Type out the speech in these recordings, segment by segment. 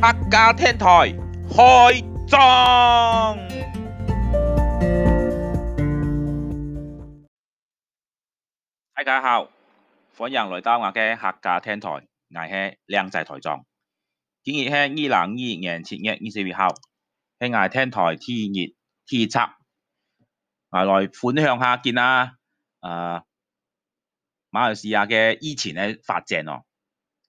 客家電台開張，大家好，歡迎來到我嘅客家電台，我係靚仔台長，今日係二零二一年七月二十二號，喺我天台天熱天濕，嚟款向下見啦，啊、呃，馬來西亞嘅疫情嘅發展哦。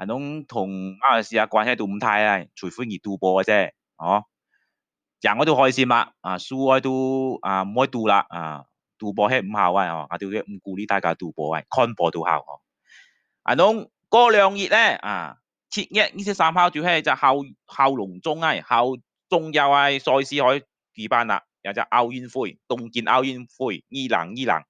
阿儂同馬來西亞關係都唔太啊，除非而賭博嘅啫，哦，贏我都開心啦，啊，輸我都啊唔愛賭啦，啊，賭博係唔好啊，我哋係唔鼓勵大家賭博啊，看破就好哦，阿儂過兩日咧，啊，七月二十三號就喺只後後龍中啊，後中又係賽事可舉辦啦，又只奧運會，東京奧運會，二零二零。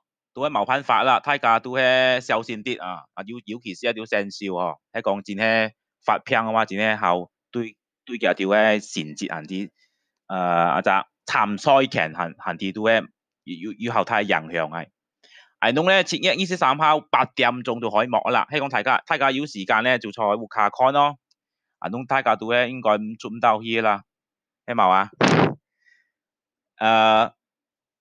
都係冇辦法啦，大家都係小心啲啊！啊，尤尤其是一條生肖啊。喺講前喺發片嘅話，前喺好對對佢阿條嘅銜接啊啲，誒阿隻參賽強行行啲都喺要要要後睇印象嘅。阿儂咧，七月二十三號八點鐘就開幕啦，希望大家大家有時間咧就坐喺屋下看咯。o 儂大家都喺應該唔出唔到去啦，係冇啊？誒、 呃。